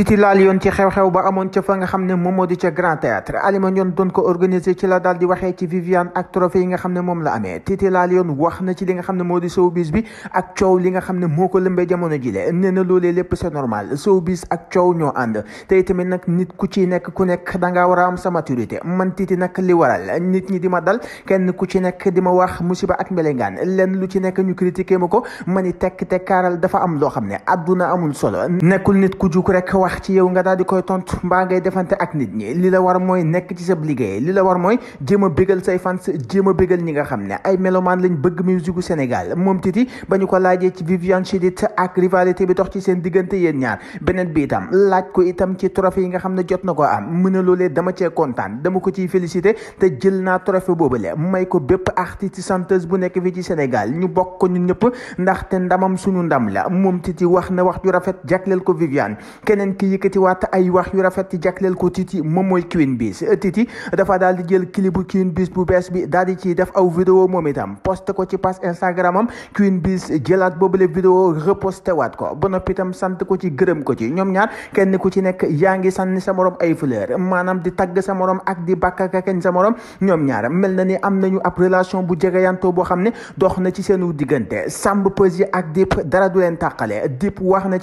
titi laal yoon ci xew-xew ba amoon ca fa nga xam ne moom moo di ca grand théâtre Alima Ndione doon ko organiser ci la daal di waxee ci Viviane ak trophée yi nga xam ne moom la amee titi laal yoon wax na ci li nga xam ne moo di showbiz bi ak coow li nga xam ne moo ko lëmbee jamono jile nee na loolee lépp c'est normal showbiz ak coow ñoo ànd tey tamit nag nit ku ci nekk ku nekk dangaa war a am sa maturité man tiiti nag li waral nit ñi di ma dal kenn ku ci nekk di ma wax musiba ak mbelengaan lenn lu ci nekk ñu critiqué ma ko ma ni tekk tekkaaral dafa am loo xam ne adduna amul solo nekkul nit ku juk rek wax yow nga daal di koy tontu mbaa ngay defante ak nit ñi li la war mooy nekk ci sa liggéey li la war mooy jéem a say fans jéem a bégal ñi nga xam ne ay melomaan lañ bëgg musique gu Sénégal moom Titi ba ñu ko laajee ci Viviane Chidid ak bi dox ci seen diggante yéen ñaar beneen bi itam laaj ko itam ci trophée yi nga xam ne jot na ko am mu ne loolee dama cee kontaan dama ko ciy félicité te jël naa trophée boobule may ko bépp ti ci chanteuse bu nekk fii ci Sénégal ñu bokk ko ñun ñëpp ndaxte ndamam suñu ndam la moom Titi wax na wax ju rafet jagleel ko Viviane keneen ki yëkkatiwaat ay wax yu rafet jagleel ko Titi moom mooy Queen Biz Titi dafa daal di jël clip bu Queen bu bees bi daal di def aw vidéo moom itam posté ko ci page Instagram am Queen Biz jëlaat boobule vidéo reposté waat ko ba itam sant ko ci gërëm ko ci ñoom ñaar kenn ku ci nekk yaa ngi sànni sa morom ay fleur maanaam di tagg sa morom ak di bàkkakakeñ sa morom ñoom ñaar mel na ni am nañu ab relation bu jegeyantoo boo xam ne dox na ci seenu diggante Samb Peuzzi ak Dip dara du leen tàqale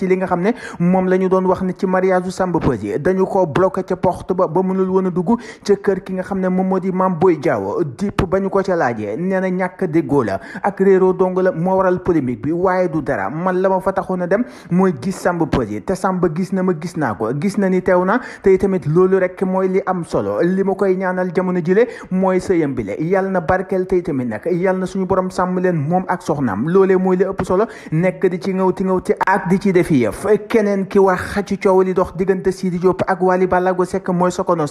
li nga xam ne ci mariage su Samba Peuzzi dañu ko bloqué ca porte ba ba mënul woon a dugg ca kër ki nga xam ne moom moo di Mame Boye Diao dipp ba ñu ko ca laajee nee na ñàkk déggoo la ak réeroo dong la moo waral polémique bi waaye du dara man la ma fa taxoon a dem mooy gis Samba yi te Samba gis na ma gis naa ko gis na ni teew na te tamit loolu rek mooy li am solo li ma koy ñaanal jamono jile mooy sëyam bi le yàlla na barkeel tey tamit nag yal na suñu borom sàmm leen moom ak soxnaam loolee mooy li ëpp solo nekk di ci ngawti ngawti ak ci def yëf keneen ki coow li dox diggante Sidi Diop ak Wally Ballago Seck mooy Sokono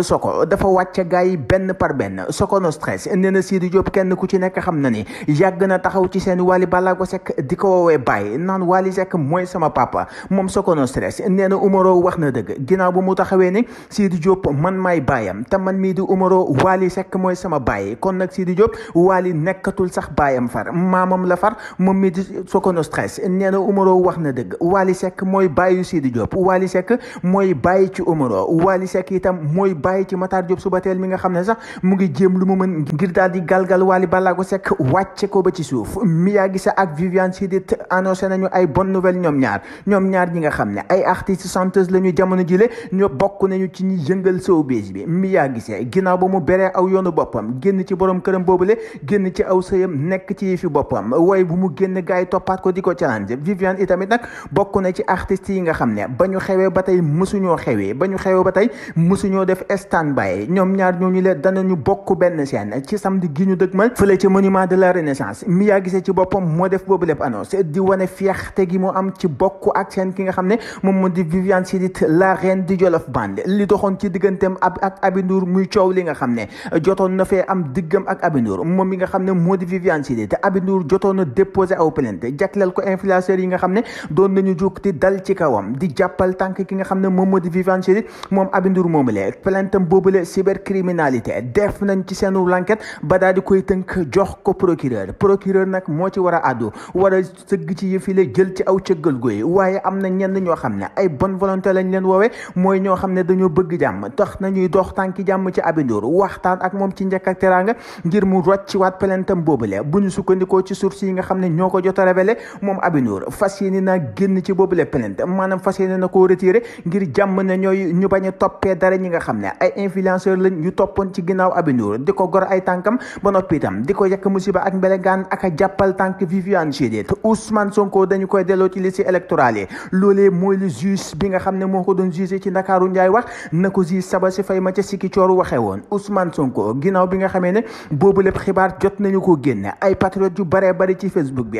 soko dafa wàcce gars yi benn par benn Sokono stress na Sidi Diop kenn ku ci nekk xam na ni yàgg na taxaw ci seen Wally Ballago Seck di ko woowee Baye naan Wally Seck mooy sama papa moom Sokono stress nee na Umaro wax na dëgg ginnaaw bu mu taxawee ne Sidi Diop man maay baayam te man mii di Umaro Wally Seck mooy sama baay kon nag Sidi Diop Wally nekkatul sax baayam far maamam la far moom mii di Sokono stress na Umaro wax na dëgg Wally Seck mooy baayu Sidi Diop Diop Wally Seck mooy bàyyi ci Omaro Wally Seck itam mooy bàyyi ci Matar Diop Soubatel mi nga xam ne sax mu ngi jéem lu mu mën ngir daal di galgal Wally Ballago Seck wàcce ko ba ci suuf Mia Guissé ak Viviane Chidid annoncé nañu ay bonne nouvelle ñoom ñaar ñoom ñaar ñi nga xam ne ay artiste chanteuse la ñu jamono le ñoo bokk nañu ci ñi yëngal showbiz bi Mia gise ginnaaw ba mu beree aw yoonu boppam génn ci borom këram boobule génn ci aw sëyam nekk ci fi boppam waaye bu mu génn gars yi toppaat ko di ko challenge Viviane itamit nag bokk na ci artistes yi nga xam ne ba ñu xewee ba tey mësuñoo xewee ba ñu xewee ba tey mësuñoo def standby ñoom ñaar ñoo ñooñu leen ñu bokk benn seen ci samedi gi ñu dëgmal fële ci monument de la renaissance mi yaa gisee ci boppam moo def boobu lépp annonce di wane te gi mu am ci bokk ak seen ki nga xam ne moom moo di Viviane Chidid la reine di Jolof Band li doxoon ci digganteem ab ak Aby muy coow li nga xam ne jotoon na fee am diggam ak Aby moom mi nga xam ne moo di Viviane Chidid Aby Ndour jotoon déposé aw plainte jagleel ko influenceurs yi nga xam ne doon nañu jóg di dal ci kawam jàppal tànk ki nga xam ne moom moo di Viviane Chidid moom Aby Ndour moomule plaintam boobule cybercriminalité def nañ ci seenu l'enquête ba daal di koy tënk jox ko procureur procureur nag moo ci war a àddu war a sëgg ci yëfile jël ci aw cëggal gooy waaye am na ñenn ñoo xam ne ay bonne volonté lañ leen woowee mooy ñoo xam ne dañoo bëgg jàmm tax nañuy dox tànki jàmm ci Aby waxtaan ak moom ci njëkk ak teraanga ngir mu rocc ci waat plaintam boobule bu ñu sukkandikoo ci source yi nga xam ne ñoo ko jot a moom Aby Ndour fas yéene naa génn ci boobule plainte maanaam na koo retiré ngir jàmm ne ñooy ñu bañ toppee dara ñi nga xam ne ay influenceur lañ toppoon ci ginnaaw Aby di ko gor ay tànkam ba noppi di ko yekk musiba ak mbelengaan ak a jàppal tànk Viviane Chidid te Ousmane Sonko dañu koy delloo ci liste électorale yi mooy le juge bi nga xam ne moo ko doon jugé ci Ndakaaru Njaay wax na ko juge saba si fay ma ca sikki cooru waxee woon Ousmane Sonko ginnaaw bi nga xamee ne boobu lépp xibaar jot nañu ko génne ay yu baree bari ci Facebook bi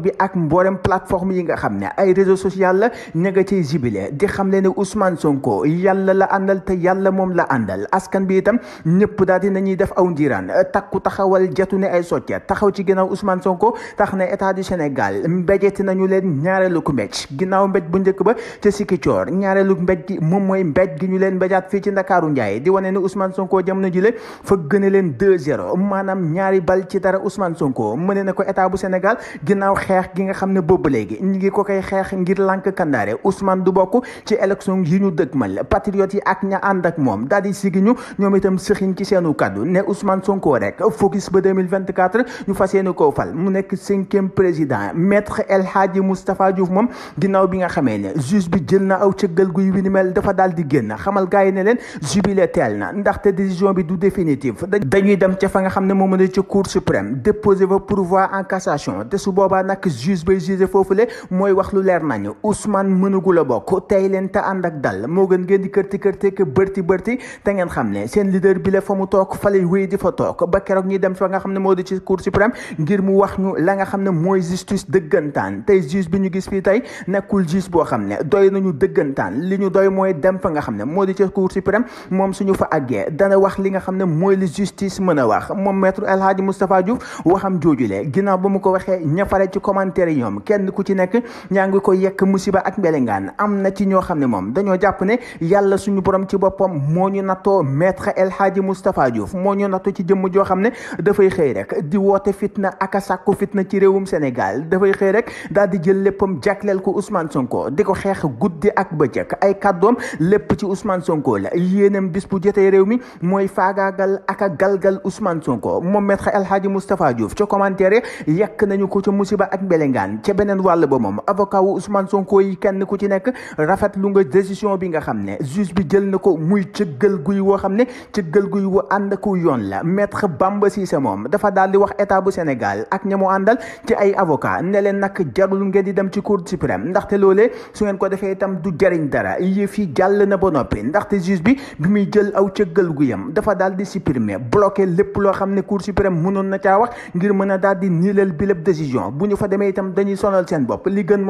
bi ak mboolem yi nga social négatif bile di xam le ne Ousmane Sonko yàlla la àndal te yàlla moom la àndal askan bi itam ñëpp daal di nañuy def aw ndiiraan takku taxawal jatu ne ay soccet taxaw ci ginnaaw Ousmane Sonko tax na état du Sénégal mbéjeti nañu leen ñaareelu ku mbéj ginnaaw mbéj bu njëkk ba ca Sikicoor ñaareelu mbéj gi moom mooy mbéj gi ñu leen mbéjaat fii ci Ndakaaru Njaay di wane ne Ousmane Sonko jamono jile fa gën a leen 2-0 maanaam ñaari bal ci dara Ousmane Sonko mëne na ko bu Sénégal ginnaaw lànk kandaare Ousmane du bokk ci élection yi ñu dëgmal patriote yi ak ña ànd ak moom daal di ñu ñoom itam sëxiñ ci seenu kaddu ne Ousmane Sonko rek focus ba ñu fas yéene koo fal mu nekk cinquième président maître El Hadji Moustapha Diouf moom ginnaaw bi nga xamee ne juge bi jël na aw cëggal guy wini mel dafa daal di génn xamal gars yi ne leen jubilé teel na ndaxte décision bi du définitive dañuy dem ca fa nga xam ne moo mën a ci cour suprême déposer campagne Ousmane mënagul a bokk tey leen te ànd ak dal moo gën ngeen di kërti kërti ke bërti bërti te ne seen leader bi fa mu fa lay wéy di fa toog ba keroog dem fa nga xam ne moo di ci ngir mu wax ñu la nga xam ne mooy justice dëggantaan tey juge bi ñu gis fii tey nekkul juge boo xam ne doy nañu dëggantaan li ñu doy mooy dem fa nga xam ne moo di ci cour suprême moom suñu fa àggee dana wax li nga xam ne mooy li justice mën a wax moom maître El Hadji Moustapha Diouf waxam joojule ginnaaw ba mu ko waxee ñafare ci commentaire yi ñoom kenn ku ci nekk ñaa ngi koy yekk musiba ak mbelengaan am na ci ñoo xam ne moom dañoo jàpp ne yàlla suñu borom ci boppam moo ñu nattoo maître El Hadji Moustapha Diouf moo ñu nattu ci jëmm joo xam ne dafay xëy rek di woote fitna ak a sàkku fitna ci réewum Sénégal dafay xëy rek daal di jël léppam jagleel ko Ousmane Sonko di ko xeex guddi ak bëccëg ay kàddoom lépp ci Ousmane Sonko la yéenam bis bu jotee réew mi mooy faagaagal ak a galgal Ousmane Sonko moom maître El Hadji Moustapha Diouf ca commentaire yekk nañu ko ca musiba ak mbelengaan ca beneen wàll ba moom avocat Ousmane Sonko yi kenn ku ci nekk rafet lu nga décision bi nga xam ne juge bi jël na ko muy cëggal guy woo xam ne cëggal guy woo ànd ku yoon la metre maître Bamba Cissé moom dafa daal di wax état bu Sénégal ak ña àndal ci ay avocat ne leen nag jarul ngeen di dem ci cour suprême ndaxte loole su ngeen ko defee itam du jariñ dara yëf fi jàll na ba noppi ndaxte juge bi bi muy jël aw cëggal gu yam dafa daal di supprimer bloqué lépp loo xam ne cour suprême mënoon na caa wax ngir mën a daal di niilal bi lépp décision bu demee itam dañuy sonal seen bopp li gën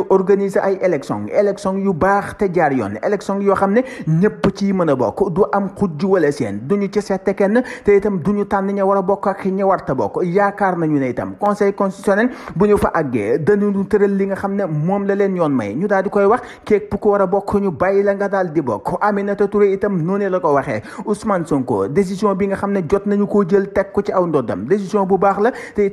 ñu organiser ay élection élection yu baax te jaar yoon élection yoo xam ne ñëpp ci mën a bokk du am xujj wala seen du ñu seete kenn te itam ñu tànn ña war a bokk ak ña warta bokk yaakaar nañu ne itam conseil constitutionnel bu ñu fa àggee dañu tëral li nga xam ne moom la leen yoon may ñu daal di koy wax kéeg bu ko war a bokk ñu bàyyi la nga daal di bokk Aminata Touré itam noonu la ko waxee Ousmane Sonko décision bi nga xam ne jot nañu koo jël teg ko ci aw ndoddam décision bu baax la te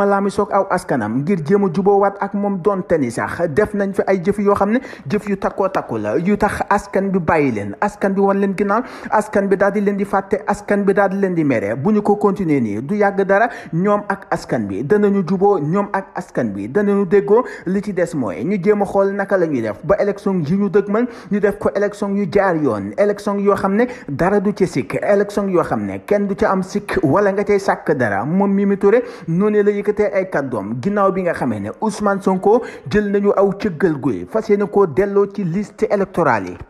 a diisoo aw askanam ngir jéem a waat ak moom donte ni sax def nañ fi ay jëf yoo xam ne jëf yu takkoo takku la yu tax askan bi bàyyi leen askan bi wan leen ginnaaw askan bi daal di leen di fàtte askan bi daal di leen di mere bu ñu ko continuer nii du yàgg dara ñoom ak askan bi danañu juboo ñoom ak askan bi danañu déggoo li ci des mooy ñu jéem a xool naka la ñuy def ba élection yi ñu man ñu def ko élection yu jaar yoon élection yoo xam ne dara du ci sikk élection yoo xam ne kenn du ci am sikk wala nga cay sàkk dara moom Mimi Touré noonu la yëkkatee ay kàddoom ginnaaw bi nga xamee ne Ousmane Sonko jël nañu aw cëggal guy fas ne koo delloo ci liste électorale yi